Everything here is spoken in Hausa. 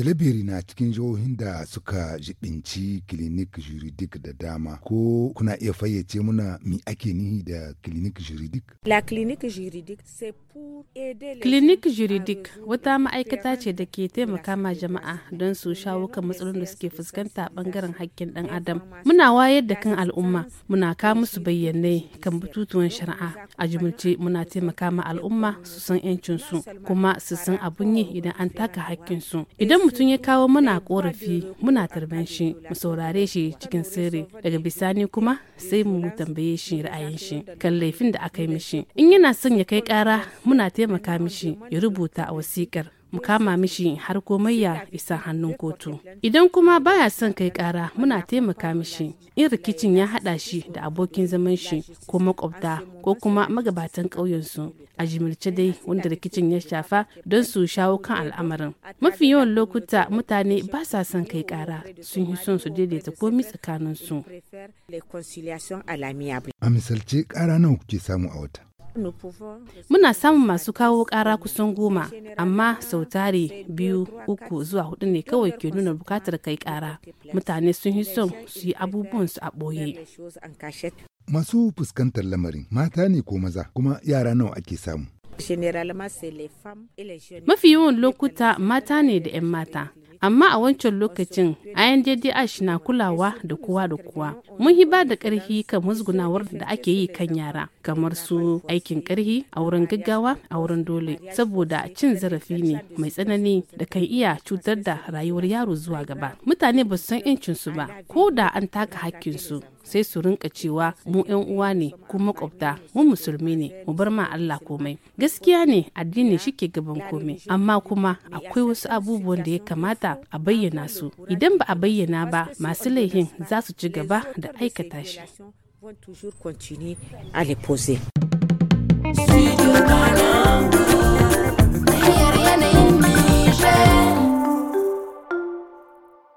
Talabiri na cikin jihohin da suka jibinci clinic juridik da dama ko kuna iya fayyace muna mi ake nihi da clinic juridik. La clinic c'est pour aider wata ma'aikata ce da ke taimaka ma jama'a don su shawo kan matsalolin da suke fuskanta bangaren haƙƙin dan adam. Muna wayar da kan al'umma, muna ka musu bayyanai kan batutuwan shari'a. A jumulce muna taimaka ma al'umma su san 'yancin su kuma su san abun yi idan an taka hakkin su. Idan mutum ya kawo mana korafi muna tarban shi mu saurare shi cikin sirri daga bisani kuma sai mu tambaye shi ra'ayin shi kan laifin da aka yi mishi in yana son ya kai kara muna taimaka mishi ya rubuta a wasikar mu kama mishi har komai ya isa hannun kotu idan kuma baya son kai kara muna taimaka mishi in rikicin ya hada shi da abokin zaman shi ko makwabta ko kuma magabatan ƙauyensu a jimirce dai wanda rikicin ya shafa don su shawo kan al'amarin mafi yawan lokuta mutane ba sa son kai kara sun yi son su daidaita komi tsakaninsu a misalce kara nawa kuke samu a wata Muna samun masu kawo ƙara kusan goma, amma sau tare biyu, uku zuwa hudu ne kawai ke nuna bukatar kai kara Mutane sun yi son su yi abubuwansu a ɓoye. Masu fuskantar lamarin mata ne ko maza kuma yara nawa ake samu. Mafi yawan lokuta mata ne da 'yan mata, amma a wancan lokacin INDDH na kulawa da kowa da kowa. Mun hiba da ƙarfi kan musgunawar da ake yi kan yara, kamar su aikin ƙarfi a wurin gaggawa a wurin dole, saboda cin zarafi ne mai tsanani da kan iya cutar da rayuwar yaro zuwa gaba. Mutane ba su san 'yancinsu ba, ko da an taka hakkinsu. sai su rinka cewa mu yan uwa ne ku makwabta mu musulmi ne mu bar ma Allah komai gaskiya ne addini shike gaban komai amma kuma akwai wasu abubuwan da ya kamata a bayyana su idan ba a bayyana ba masu laihin za su ci gaba da aikata shi